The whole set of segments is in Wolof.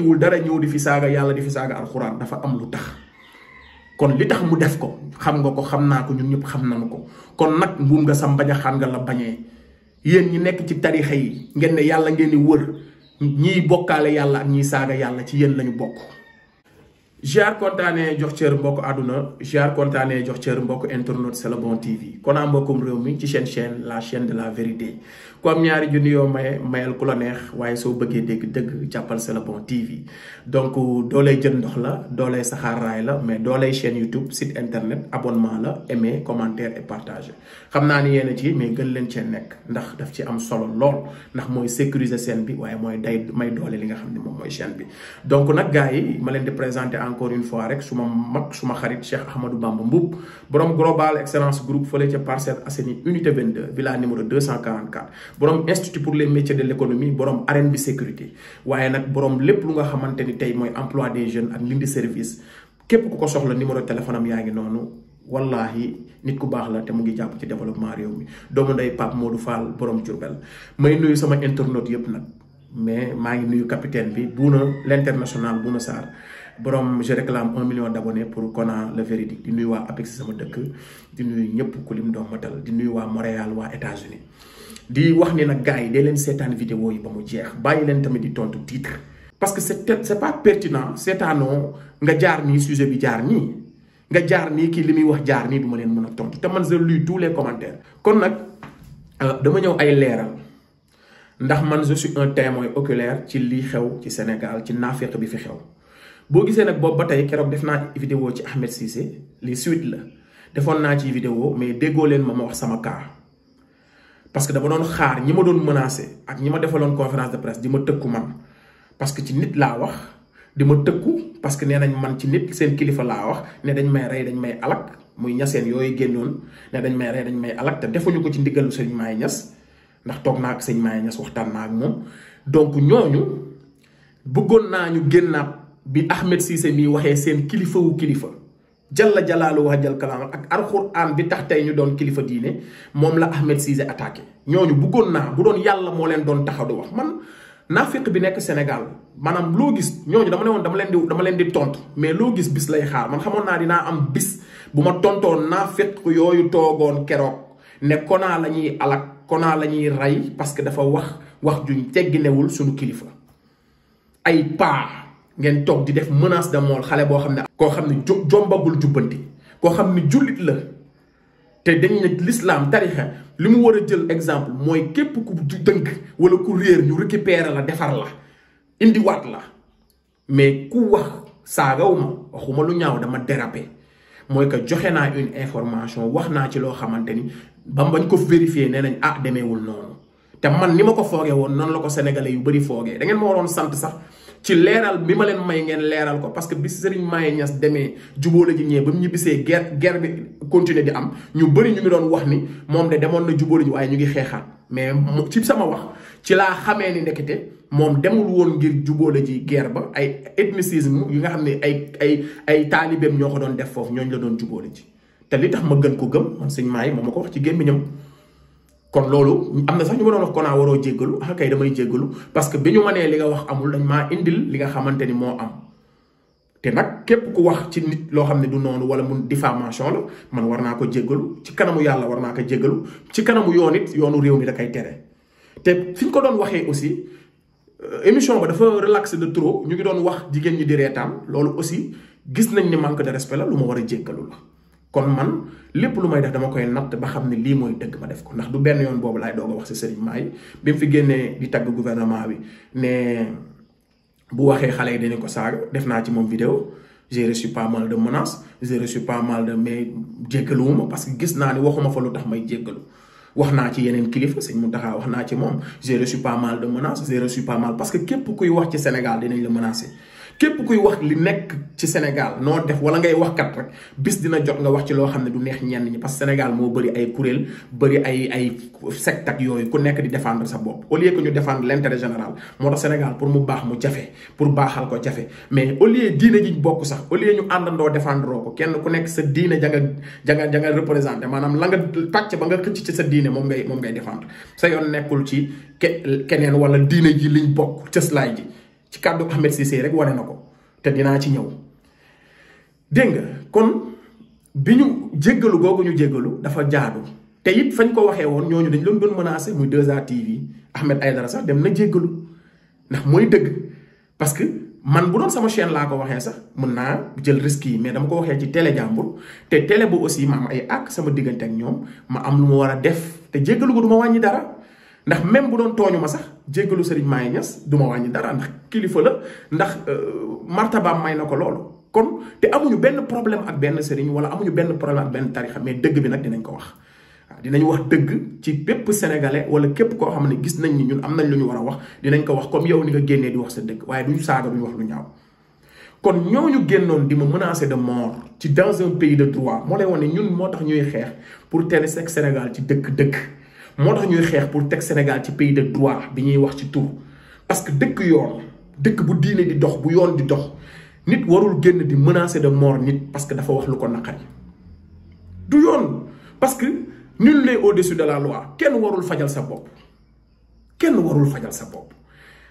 wul dara ñew di fi saga yalla di fi saga alquran dafa am lu kon li tax mu def ko xam nga ko xam ko ñun ñep xam nañu ko kon nak mbum nga sam baña xam nga la bañé yeen ñi nekk ci tarixa yi ngeen ne yalla ngeen ni wër ñi bokkaale yalla ak ñi saga yalla ci yeen lañu bokk jiar contané jox cër mbokk aduna jiar contané jox cër mbokk internet c'est le bon tv kon am bokum rew mi ci chaîne chaîne la chaîne de la vérité comme am ñaari junni yoo maye mayal ku la neex waaye soo bëggee dégg dëgg jàppal C'est le bon TV donc doolay jën ndox la doolay saxaar raay la mais doolay chaîne YouTube site internet abonnement la aimer commentaire et partager xam naa ni yéen ci mais gën leen ci nekk ndax daf ci am solo lool ndax mooy sécuriser chaîne bi waaye mooy day may doole li nga xam ne moom mooy chaîne bi donc nag gars yi ma leen di présenter encore une fois rek suma mag suma xarit Cheikh Ahmadou Bamba Mboup borom global excellence groupe fële ca parcelle Assainies unité 22 villa numéro 244 borom institut pour les métiers de l'économie un borom arène de sécurité waaye nag borom lépp lu nga xamante ni tey emploi des jeunes ak service képp ku ko soxla numéro téléphone am yaa wallahi nit ku baax la te mu ngi jàpp ci développement réew mi doomu ndey Pape Modou Fall borom may nuyu sama internautes yépp nag mais maa ngi nuyu capitaine bi international de borom je réclame un million d'abonnés pour Kona le véridique di nuyu waa APEX sama dëkk di nuyu ñëpp ku lim matal di nuyu waa Montréal États-Unis di wax ni que gaay de len une vidéo yi ba jeex titre parce que c'est c'est pas pertinent sétano nga jaar ni sujet bi jaar ni nga jaar ni ki limi wax jaar ni je tous les commentaires kon vous euh, dama ñew ay ndax man je suis un témoin oculaire ci li xew ci Sénégal ci nafiq bi fi xew bo gisee nak bob vidéo ci Ahmed Cissé li suite la ci vidéo mais dégo len ma wax parce que dama doon xaar ñi ma doon menacé ak ñi ma defaloon conférence de presse di ma tëkku man parce que ci nit laa wax di ma tëkku parce que nee nañ man ci nit seen kilifa laa wax ne dañ may rey dañ may alak muy ñaseen yooyu génnoon ne dañ may rey dañ may alak te defuñu ko ci ndigalu sëñ Maay Ñas ndax toog naa ak sëñ Maay Ñas waxtaan naa ak moom donc ñooñu bëggoon naa ñu génnaat bi Ahmed Cissé mi waxee seen kilifa wu kilifa. jalla jalaalu wajal kalaam ak alxuraan bi tax tey ñu doon kilifa diine moom la Ahmed Cissé attaqué ñooñu buggoon naa bu doon yàlla moo leen doon taxaw di wax man naafiq bi nekk Sénégal maanaam loo gis ñooñu dama ne woon dama leen di dama leen di tontu mais loo gis bis lay xaar man xamoon naa dinaa am bis bu ma tontoon naafiq yooyu toogoon keroog ne konaa la ñuy alak konaa la ñuy rey parce que dafa wax wax juñ tegginewul suñu kilifa ay paa ngeen toog di def menace de mort xale boo xam ne. koo xam ne jo jombagul jubbanti koo xam ne jullit la te dañ ne l'islam tarixa li mu war a jël exemple mooy képp ku dënk wala ku réer ñu récupérer la defar la indiwaat la mais ku wax saagaw ma waxuma lu ñaaw dama déraper mooy que joxe naa une information wax naa ci loo xamante ni ba bañ ko vérifier nee nañ ah demeewul noonu te man ni ma ko foogee woon noonu la ko sénégalais yu bëri foogee da ngeen ma waroon sant sax. ci leeral bi ma leen may ngeen leeral ko parce que bi Serigne Maye Niass demee jubóole ji ñee ba mu ñibbisee guerre guerre bi continuer di am ñu bëri ñu ngi doon wax ni moom de demoon na jubóole ji waaye ñu ngi xeexaat mais ci sama wax ci laa xamee ni ndekete moom demul woon ngir jubóole ji guerre ba ay ethnicisme yi nga xam ne ay ay ay taalibeem ñoo ko doon def foofu ñooñu la doon jubóole ji te li tax ma gën ko gëm man sëñ Maye moom ma ko wax ci gémmiñam kon loolu am na sax ñu ma doon wax konaa waroo jéggalu ah kay damay jéggalu parce que bi ñu ma li nga wax amul dañ maa indil li nga xamante ni moo am te nag képp ku wax ci nit loo xam ne du noonu wala mun diffamation la man war naa ko jéggalu ci kanamu yàlla war naa ko jéggalu ci kanamu yoon it yoonu réew mi da koy tere te fi ñu ko doon waxee aussi euh, émission ba dafa relaxé de trop ñu ngi doon wax jigéen ñi di reetaan loolu aussi gis nañ ni manque de respect lu ma war a jéggalu la kon man lépp lu may def dama koy natt ba xam ne lii mooy dëgg ma def ko ndax du benn yoon boobu laay doog a wax si sëriñ Maay bi mu fi génnee di tagg gouvernement bi ne bu waxee xale yi dañu ko saaga def naa ci moom vidéo j'ai reçu pas mal de menaces j'ai reçu pas mal de mais jéggaluwuma parce que gis naa ni waxuma fa lu tax may jéggalu wax naa ci yeneen kilifa sëñ Mountakha wax naa ci moom j'ai reçu pas mal de menaces j'ai reçu pas mal parce que képp kuy wax ci Sénégal dinañ la menacer képp kuy wax li nekk ci Sénégal noo def wala ngay wax kat rek bis dina jot nga wax ci loo xam ne du neex ñenn ñi parce que Sénégal moo bari ay kuréel bëri ay ay secte ak yooyu ku nekk di défendre sa bopp au lieu ñu défendre l'intérêt général moo tax pour mu baax mu jafe pour baaxal ko jafe mais au lieu diine ji bokk sax au lieu ñu àndandoo défendre ko kenn ku nekk sa diine ja nga ja nga ja nga maanaam la nga pàcc ba nga xëcc ci sa diine moom ngay moom ngay défendre sa yoon nekkul ci ke keneen wala diine ji liñ bokk cëslaay ji ci kàddu Ahmed Cissé rek wane na ko te dinaa ci ñëw dégg nga kon bi ñu jéggalu googu ñu jéggalu dafa jaadu te it fañ ko waxee woon ñooñu dañ doon doon menacé muy 2A TV Ahmed Aïdara sax dem na jéggalu ndax mooy dëgg parce que man bu doon sama chaîne laa ko waxee sax mën naa jël risque yi mais dama ko waxee ci tele jàmbur te télé bu aussi ma ay àq sama diggante ak ñoom ma am lu ma war a def te jéggalu ko du ma wàññi dara. ndax même bu doon tooñu ma sax jéggalu sëriñ maay ñas du ma wàññi dara ndax kilifa la ndax euh, martabaam may na ko loolu kon te amuñu benn problème ak benn sëriñ wala amuñu benn problème ak benn tarixa mais dëgg bi nag dinañ ko wax dinañ wax dëgg ci bépp sénégalais wala képp koo xam ne gis nañ ni ñun am nañ lu ñu war a wax dinañ ko wax comme yow ni nga génnee di wax sa dëgg waaye duñu saaga duñu wax lu ñaaw kon ñooñu génnoon di ma menacer de mort ci dans un pays de droit moo lay wane ñun moo tax ñuy xeex pour tere sek Sénégal ci dëkk-dëkk motax ñuy xex pour tek Sénégal ci pays de droit bi ñuy wax ci tour parce que dëkk yoon dëkk bu diine di dox bu yoon di dox nit warul génn di menacer de mort nit parce que dafa wax lu ko naqari du yoon parce que nul n'est au-dessus de la loi kenn warul fajal sa bopp kenn warul fajal sa bopp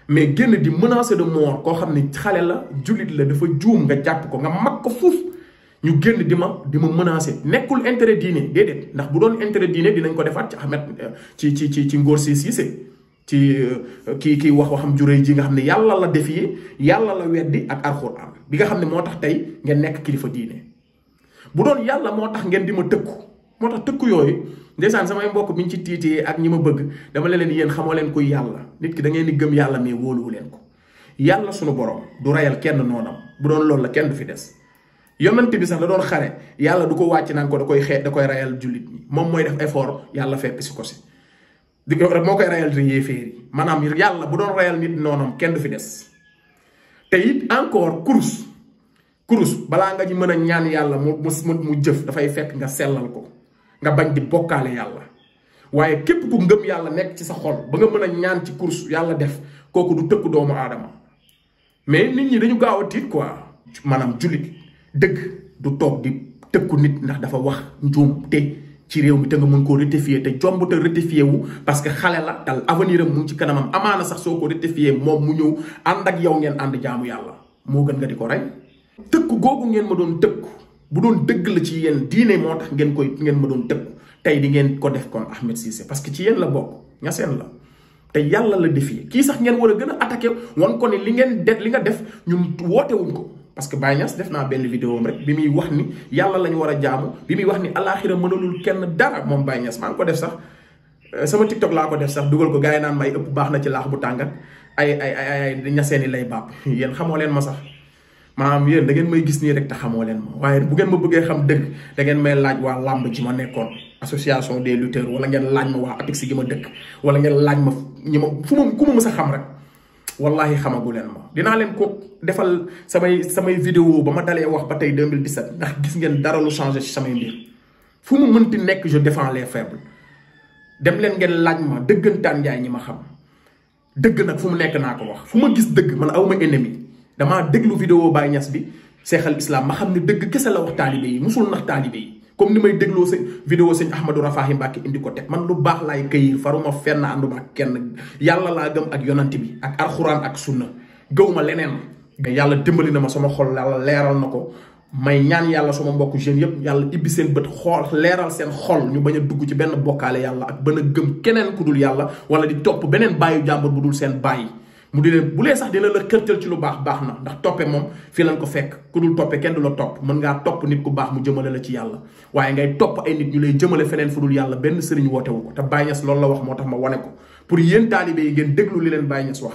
mais génn di menacer de mort koo xam ne xale la julit la dafa juum nga jàpp ko nga mag ko fuuf ñu génn di ma di ma menacer nekkul intérêt diine déedéet ndax bu doon intérêt diine dinañ ko defaat ci ahmed euh, ci ci ci ci ngor si ci euh, ki ki wax waxam jurey ji nga xam yalla la defiyee yalla la weddi ak alquran bi nga xam motax tay nekk kilifa diine bu doon yalla motax ngeen di ma tekk motax tekk yoy yooyu sama mbokk biñ ci tité ak ñima bëgg dama leen yeen xamoo leen kuy nit ki da ngeen ni gëm yalla mais wóoluwu leen ko yalla sunu borom du rayal kenn noonam bu doon lool la kenn du fi dess yonante bi sax la doon xare yàlla du ko wàcc naan ko da koy xeet da koy rayal jullit ni moom mooy def effort yàlla fekk si ko si di ko moo koy rayal di yéeféer yi maanaam yàlla bu doon rayal nit noonam kenn du fi des te it encore kurus kurus balaa nga ji mën a ñaan yàlla mu mu mu jëf dafay fekk nga sellal ko nga bañ di bokkaale yàlla waaye képp ku ngëm yàlla nekk ci sa xol ba nga mën a ñaan ci kurus yàlla def kooku du tëkk doomu aadama mais nit ñi dañu gaaw a tiit quoi maanaam jullit deug du tok di tëkku nit ndax dafa wax te ci rew mi te nga mën ko rectifier te jombu te rectifier wu parce que xalé la dal avenir mu ngi ci kanamam amana sax soko ko rectifier moom mu ñew and ak yow ngeen and jaamu yalla mo gën nga di ko rey gogu ngeen ma doon tëkku bu doon deug la ci yeen diine moo tax ngeen koy ngeen ma doon tëkku tay di ngeen ko def kon Ahmed Cissé parce que ci yeen la bok nga sen la te yalla la défier ki sax ngeen wara gëna attaquer won ko ni li ngeen def li nga def ñun wuñ ko parce que def na ben vidéo am rek wahni, wax ni yalla la wara jaamu bimi wax ni alakhirah manulul kenn dara mom ko def sax euh, sama tiktok la ko def sax dugal ko gars yi naan may ëpp baax na ci lakh bu tàngat ay ay ay ay ñaseeni lay bab yeen xamoleen ma sax manam yeen da ngeen may gis ni rek ta xamoleen ma waye bu ngeen ma bëgge xam deug da ngeen may laaj wa lamb ji ma nekkon association des lutteurs wala ngeen laaj ma wa gi ma wala ngeen laaj ma ñima fu ma ku xam rek wallahi xamagu leen ma dinaa leen ko defal samay samay video ba ma dalee wax ba tey 2017 ndax gis ngeen dara lu changé ci samay mbir fu mu mënti nekk je défends les faibles dem leen ngeen laaj ma dëggantaan njaay ñi ma xam dëgg nag fu mu nekk naa ko wax fu ma gis dëgg man awma ennemi damaa déglu video baay Niass bi seexal islam ma xam ne dëgg kese la wax taalibe yi musul nax taalibe yi comme ni may dégloo sa vidéo sëñ Ahmadou Rafahi Mbacke indi ko teg man lu baax laay këyir faruma fenn ànduma ak kenn yàlla laa gëm ak yonant bi ak alxuraan ak sunna gëwuma leneen yàlla dimbali na ma sama xol yàlla leeral na ko may ñaan yàlla sama mbokku jeunes yëpp yàlla ibbi seen bët xool leeral seen xol ñu bañ a dugg ci benn bokkaale yàlla ak bën a gëm keneen ku dul yàlla wala di topp beneen bàyyu jàmbur bu dul seen bàyyi mu di leen bu lee sax dina la kërtal ci lu baax baax na ndax toppe moom fii lañ ko fekk ku dul toppe kenn du la topp mën ngaa topp nit ku baax mu jëmale la ci yàlla waaye ngay topp ay nit ñu lay jëmale feneen fu dul yàlla benn sëriñ wootewu ko te Baye Niass loolu la wax moo tax ma wane ko pour yéen taalibe yi ngeen déglu li leen Baye Niass wax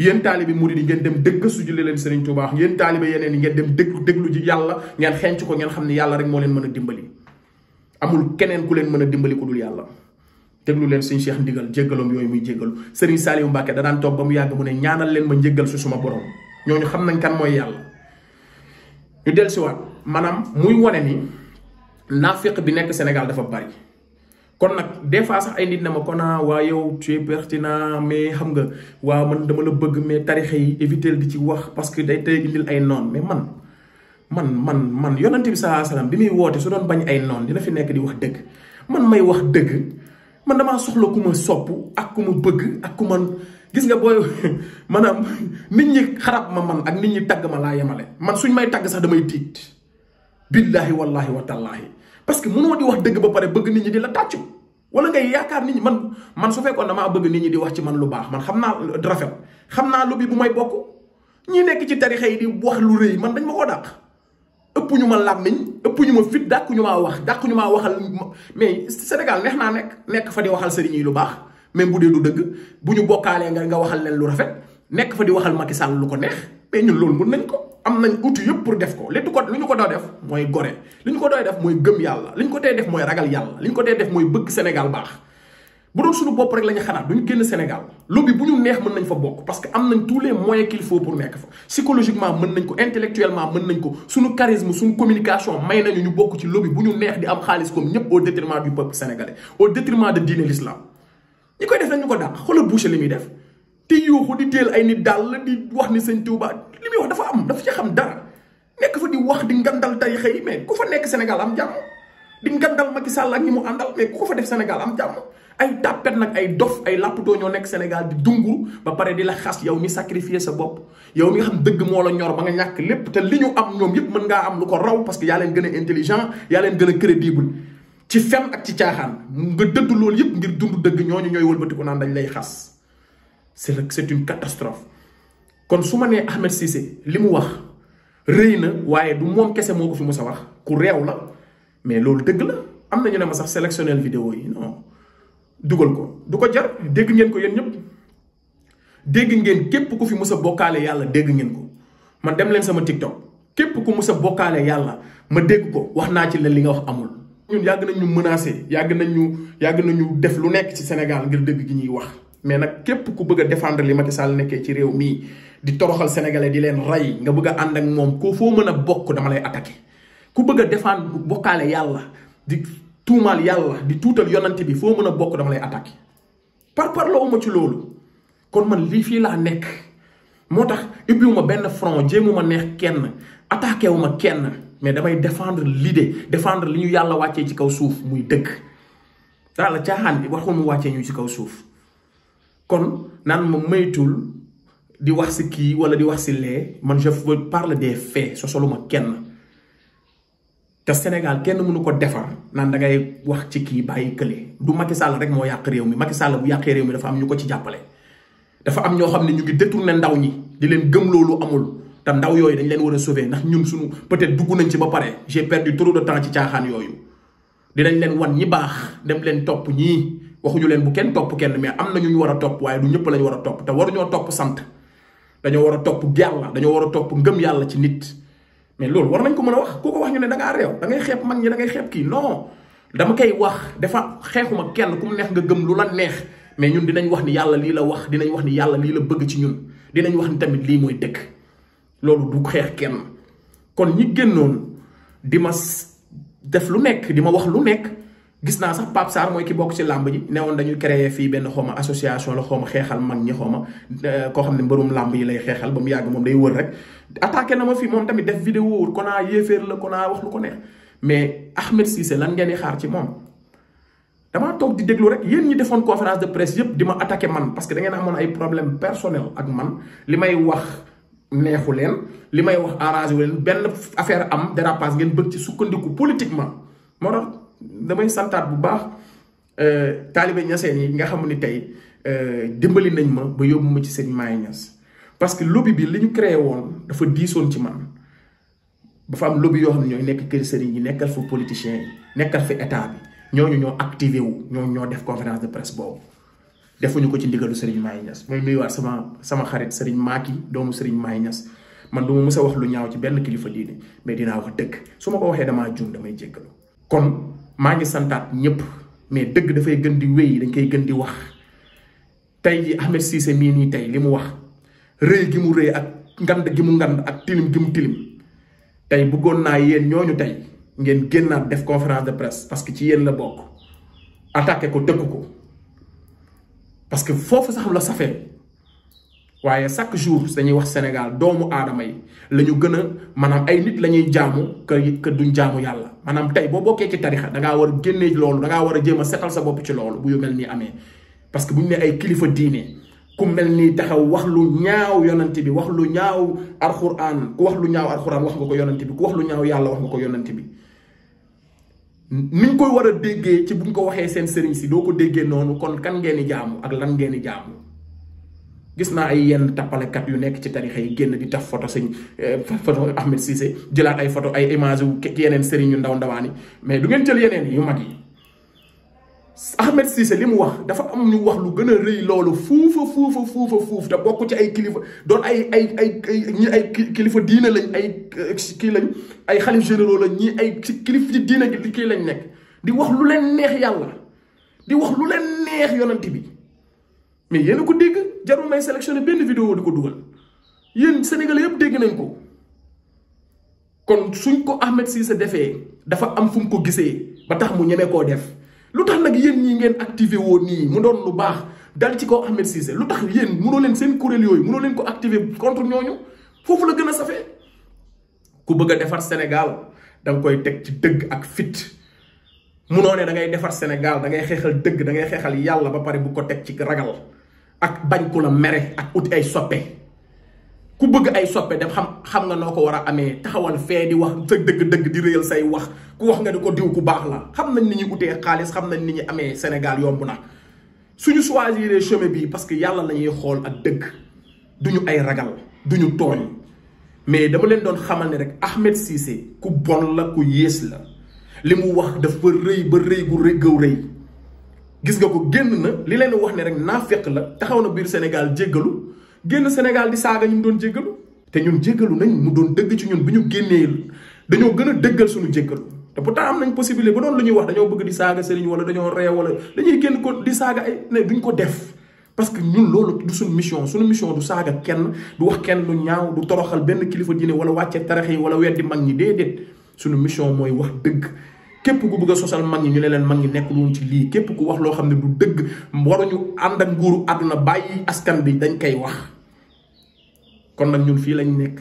yéen taalibe murid yi ngeen dem dëgg suji li leen sëriñ Tuubaa wax yéen taalibe yeneen yi ngeen dem déglu déglu ji yàlla ngeen xenc ko ngeen xam ne yàlla rek moo leen mën a dimbali amul keneen ku leen mën a dimbali ku yàlla déglu leen sëñ cheikh ndigal jéggalom yooyu muy jéggalu sëriñ saaliw mbàkke danaan toog ba mu yàgg mu ne ñaanal leen ma njéggal su suma borom ñooñu xam nañ kan mooy yàlla ñu del waat maanaam muy wone ni nafiq bi nekk sénégal dafa bari kon nag des fois sax ay nit ne ma kon ah waa yow tu es pertinent mais xam nga waa man dama la bëgg mais tarixa yi éviter di ci wax parce que day tey indil ay noon mais man man man man yonante bi salaa salaam bi muy woote su doon bañ ay noon dina fi nekk di wax dëgg man may wax dëgg man damaa soxla ku ma sopp ak ku ma bëgg ak ku man gis nga booy maanaam nit ñi xarab ma man ak nit ñi tagg ma laa yemale man suñ may tagg sax damay tiit billaahi wallaahi wa tallaahi parce que mënoo di wax dëgg ba pare bëgg nit ñi di la tàccu wala ngay yaakaar nit ñi man man su fekkoon damaa bëgg nit ñi di wax ci man lu baax man xam naa rafet xam naa lu bi bu may bokk ñi nekk ci tarixa yi di wax lu rëy man dañ ma ko dàq ëpp ñu ma làmmiñ ëpp ñu ma fit dàkkuñu ñu maa wax dàkk ñu maa waxal mais Sénégal neex naa nekk nekk fa di waxal sëriñ yi lu baax même bu dee du dëgg bu ñu bokkaalee nga nga waxal leen lu rafet nekk fa di waxal Macky lu ko neex mais ñun loolu mën nañ ko am nañ outil yëpp pour def ko li ko li ñu ko doo def mooy gore li ñu ko doo def mooy gëm yàlla li ñu ko tey def mooy ragal yàlla li ñu ko tey def mooy bëgg Sénégal baax bu doon suñu bopp rek la ñu xalaat duñu génn Sénégal lobby bu ñu neex mën nañ fa bokk parce que am nañ tous les moyens qu'il faut pour nekk fa psychologiquement mën nañ ko intellectuellement mën nañ ko suñu charisme suñu communication may nañu ñu bokk ci lobby bu ñu neex di am xaalis comme ñëpp au détriment du peuple sénégalais au détriment de diine l'islam ñi koy def dañu ko dàq xoolal bouche li muy def te yuuxu di teel ay nit daal di wax ni sëñ Touba li muy wax dafa am dafa ci xam dara nekk fa di wax di ngandal tay yi mais ku fa nekk Sénégal am jàmm di ngandal Macky Sall ak ñi mu àndal mais ku fa def Sénégal am jàmm ay tapet nak ay dof ay laputo ñoo nek senegal di dunguru ba paré di la xass yow mi sacrifier sa bop yow mi xam deug mo la ñor ba nga ñak lepp te liñu am ñom yépp mën nga am lu ko raw parce que ya leen gëna intelligent ya leen gëna crédible ci fem ak ci tiaxan nga dëdd lool yépp ngir dundu deug ñoñu ñoy wëlbeuti ko naan dañ lay xass c'est c'est une catastrophe kon suma né ahmed cissé limu wax reyna waye du mom kessé moko fi mësa wax ku rew la mais lool deug la amna ñu né ma sax sélectionnel vidéo yi non dugal ko du ko jar dégg ngeen ko yéen ñëpp dégg ngeen képp ku fi mus a bokkaale yàlla dégg ngeen ko man dem leen sama TikTok képp ku mus a bokkaale yàlla ma dégg ko wax naa ci la li nga wax amul. ñun yàgg nañ ñu menacé yàgg nañ ñu yàgg nañ ñu def lu nekk ci Sénégal ngir dëgg gi ñuy wax mais nag képp ku bëgg a défendre li Macky Sall nekkee ci réew mii di toroxal sénégalais di leen rey nga bëgg a ànd ak moom koo foo mën a bokk dama lay attaqué ku bëgg a défendre bokkaale yàlla di. tumal yalla di tutal yonante bi fo meuna bok lay attaquer par par lo ma ci lolou kon man li fi la nek motax tax ubbiwuma front djemuma neex ken? attaquer wuma ken? kenn mais damay défendre l'idée défendre liñu yalla wacce ci kaw souf muy deug dal la han bi waxu mu wacce ñu ci kaw souf kon nan ma meytul di wax ci ki wala di wax ci lé man je parle des faits kenn te Sénégal kenn mënu ko defar naan da ngay wax ci kii bàyyi kële du Macky Sall rek moo yàq réew mi Macky Sall bu yàqee réew mi dafa am ñu ko ci jàppale. dafa am ñoo xam ne ñu ngi ne ndaw ñi di leen gëm loolu amul te ndaw yooyu dañ leen war a sauver ndax ñun suñu peut-être dugg nañ ci ba pare j'ai perdu trop de temps ci caaxaan yooyu. dinañ leen wan ñi baax dem leen topp ñii waxuñu leen bu kenn topp kenn mais am na ñu ñu war a topp waaye du ñëpp lañ war topp te waruñoo topp sant dañoo war a topp yàlla dañoo war a topp ngëm yàlla ci nit mais loolu war nañ ko mën a wax ku ko wax ñu ne da ngaa réew da ngay xeeb mag ñi da ngay xeeb kii non dama koy wax dafa xeexuma kenn ku mu neex nga gëm lu la neex mais ñun dinañ wax ni yàlla lii la wax dinañ wax ni yàlla lii la bëgg ci ñun dinañ wax ni tamit lii mooy dëkk loolu du xeex kenn kon ñi génnoon di ma def lu nekk di ma wax lu nekk gis naa sax pap sar moy ki bok ci làmb ji newon dañu créer fi ben xoma association la xoma xéxal mag ñi xoma ko xamni mbeurum làmb yi lay xéxal bam yag mom day wër rek attaquer na ma fi mom tamit def vidéo wul kon naa yéeféer la kon naa wax lu ko neex mais Ahmed Cissé lan ngeen di xaar ci mom dama tok di déglu rek yéen ñi defon conférence de presse yëpp dima attaquer man parce que da ngeen amone ay problème personnel ak man limay wax neexu leen li wax arrangé wu leen benn affaire am dérapage ngeen bëgg ci sukkandiku politiquement moo damay santaat bu baax euh, taalibe ñaseen yi nga xam ni tey euh, dimbali nañ ma ba yóbbu ma ci sëñ Maay Ñas parce que lobby bi li ñu créé woon dafa diisoon ci man dafa am lobby yoo xam ne ñooy nekk kër sëriñ yi nekkal fa politicien yi nekkal fi état bi ñooñu ñoo activé wu ñooñu ñoo def conférence de presse boobu defuñu ko ci ndigalu sëriñ Maay Ñas mooy nuyuwaat sama sama xarit sëriñ Maaki doomu sëriñ Maay Ñas man du ma mës a wax lu ñaaw ci benn kilifa diine mais dinaa wax dëgg su ma ko waxee damaa damay jéggalu maa ngi santaat ñëpp mais dëgg dafay gën di wéy dañ koy gën di wax tey ji Ahmed Cissé mii nii tey li mu wax rëy gi mu rëy ak ngande gi mu ngand ak tilim gi mu tilim tey bëggoon naa yéen ñooñu tey ngeen génnaat def conférence de presse parce que ci yéen la bokk attaqué ko dëkk ko parce que foofu sax la safee waaye chaque jour dañuy wax Sénégal doomu aadama yi la ñu gën a maanaam ay nit la ñuy jaamu que que duñ jaamu yàlla maanaam tey boo bokkee ci tarixa dangaa war a génnee loolu dangaa war a jéem a setal sa bopp ci loolu bu yu mel nii amee parce que bu ñu ne ay kilifa diine ku mel nii taxaw wax lu ñaaw yonent bi wax lu ñaaw alxuraan ku wax lu ñaaw alxuraan wax nga ko yonent bi ku wax lu ñaaw yàlla wax nga ko yonent bi ni ñu koy war a déggee ci buñ ko waxee seen sëriñ si doo ko déggee noonu kon kan ngeen di jaamu ak lan ngeen di jaamu gis naa ay yenn tappalekat yu nekk ci tarixa yi génn di taf photo sëñ eh, photo Ahmed Cissé jëlaat ay photo ay image wu yeneen sëriñ yu ndaw ndawaan yi mais du ngeen jël yeneen yu mag yi Ahmed Cissé li mu wax dafa am ñu wax lu gën a rëy loolu fuufa fuufa fuufa fuuf te bokk ci ay kilifa doon ay ay ay ñi ay kilifa diina lañ ay eh, kii lañ ay xalif généraux lañ ñi ay ci kilifa ci diine lañ nekk di wax lu leen neex yàlla di lu leen neex yonent bi mais yéen ko dégg jarul may sélectionner ben vidéo di dougal yeen yéen sénégalais yëpp dégg nañ ko kon suñ ko Ahmed Cissé défé dafa am fu ko gissé ba tax mu ñëmé ko def lutax nak nag ñi ngeen activé wo ni mu doon lu baax dal ci ko Ahmed Cissé lutax yeen mu mënoo len seen yoy mu mënoo len ko activé contre ñoñu fofu la gëna safé ku bëgg défar Sénégal dang koy tek ci dëgg ak fit munoo ne da ngay défar Sénégal da ngay xéxal dëgg da ngay xéxal yalla ba paré bu ko tek ci ragal ak bañ ku la mere ak ut ay soppe ku bëgg ay soppe def xam xam nga noo ko war a amee taxawal fee di wax sa dëgg-dëgg di réyal say wax ku wax nga di ko diw ku baax la xam nañ ni ñuy ute xaalis xam nañ ni ñuy amee Sénégal yomb na suñu choisir chemin bi parce que yàlla la ñuy xool ak dëgg ñu ay ragal duñu tooñ mais dama leen doon xamal ne rek Ahmed Cissé ku bon la ku yées la li mu wax dafa rëy ba rëy gu rëy gëw rëy gis nga ko génn na li leen wax ne rek naafeq la taxaw na biir Sénégal jéggalu génn Sénégal di saaga ñu doon jéggalu te ñun jéggalu nañ mu doon dëgg ci ñun bi ñu génnee dañoo gën a dëggal suñu jéggalu te pourtant am nañ possibilité ba doon lu ñuy wax dañoo bëgg di saaga sëriñ wala dañoo ree wala dañuy génn ko di saaga ay ne duñ ko def parce que ñun loolu du suñu mission suñu mission du saaga kenn du wax kenn lu ñaaw du toroxal benn kilifa diine wala wàcce tarax yi wala weddi mag ñi déedéet suñu mission mooy wax dëgg képp ku bëgg a sosal mag ñi ñu ne leen mag ñi nekkul woon ci lii képp ku wax loo xam ne du dëgg waruñu ànd ak nguuru àdduna bàyyi askan bi dañ koy wax kon nag ñun fii lañ nekk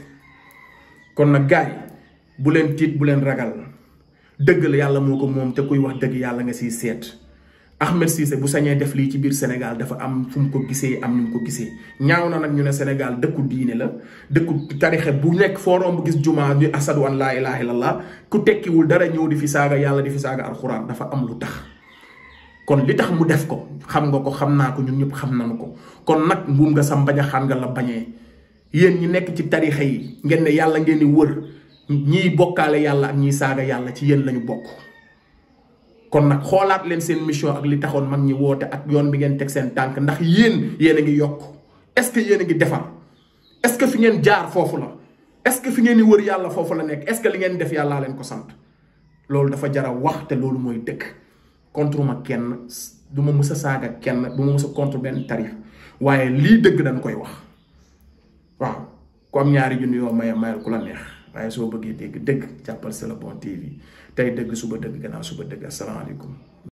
kon nag gaay bu leen tiit bu leen ragal dëgg la yàlla moo ko moom te kuy wax dëgg yàlla nga siy seet Ahmed Cissé bu sañee def lii ci biir Sénégal dafa am fu mu ko gisee am ñu mu ko gisee ñaaw na nag ñu ne Sénégal dëkku diine la dëkku tarixe bu nekk foo romb gis jumaa ñu asadu an laa ilaha illallah ku tekkiwul dara ñëw di fi saaga yàlla di fi saaga alxuraan dafa am lu tax kon li tax mu def ko xam nga ko xam naa ko ñun ñëpp xam nañu ko kon nag mbuum nga sa mbañaxaan nga la bañee yéen ñi nekk ci tarixe yi ngeen ne yàlla ngeen di wër ñiy bokkaale yàlla ak ñiy yàlla ci yéen lañu bokk kon nak xoolaat len sen mission ak li taxone mag ñi wote ak yoon bi ngeen tek sen tank ndax yeen yeen nga yok est ce yeen nga defal est ce fi ngeen jaar fofu la est ce fi ngeen ni wër yalla fofu la nek est ce li ngeen def yalla leen ko sant loolu dafa jara wax te loolu moy dekk contre ma kenn du ma mës a kenn du ma mës contre ben tarif waye li dëgg dañ koy wax waaw ko am ñaari junni yo maye mayal kula neex waaye soo bëggee dégg dëgg jàppal C'est le bon TV tey dëgg suba dëgg gannaaw suba dëgg asalaamaaleykum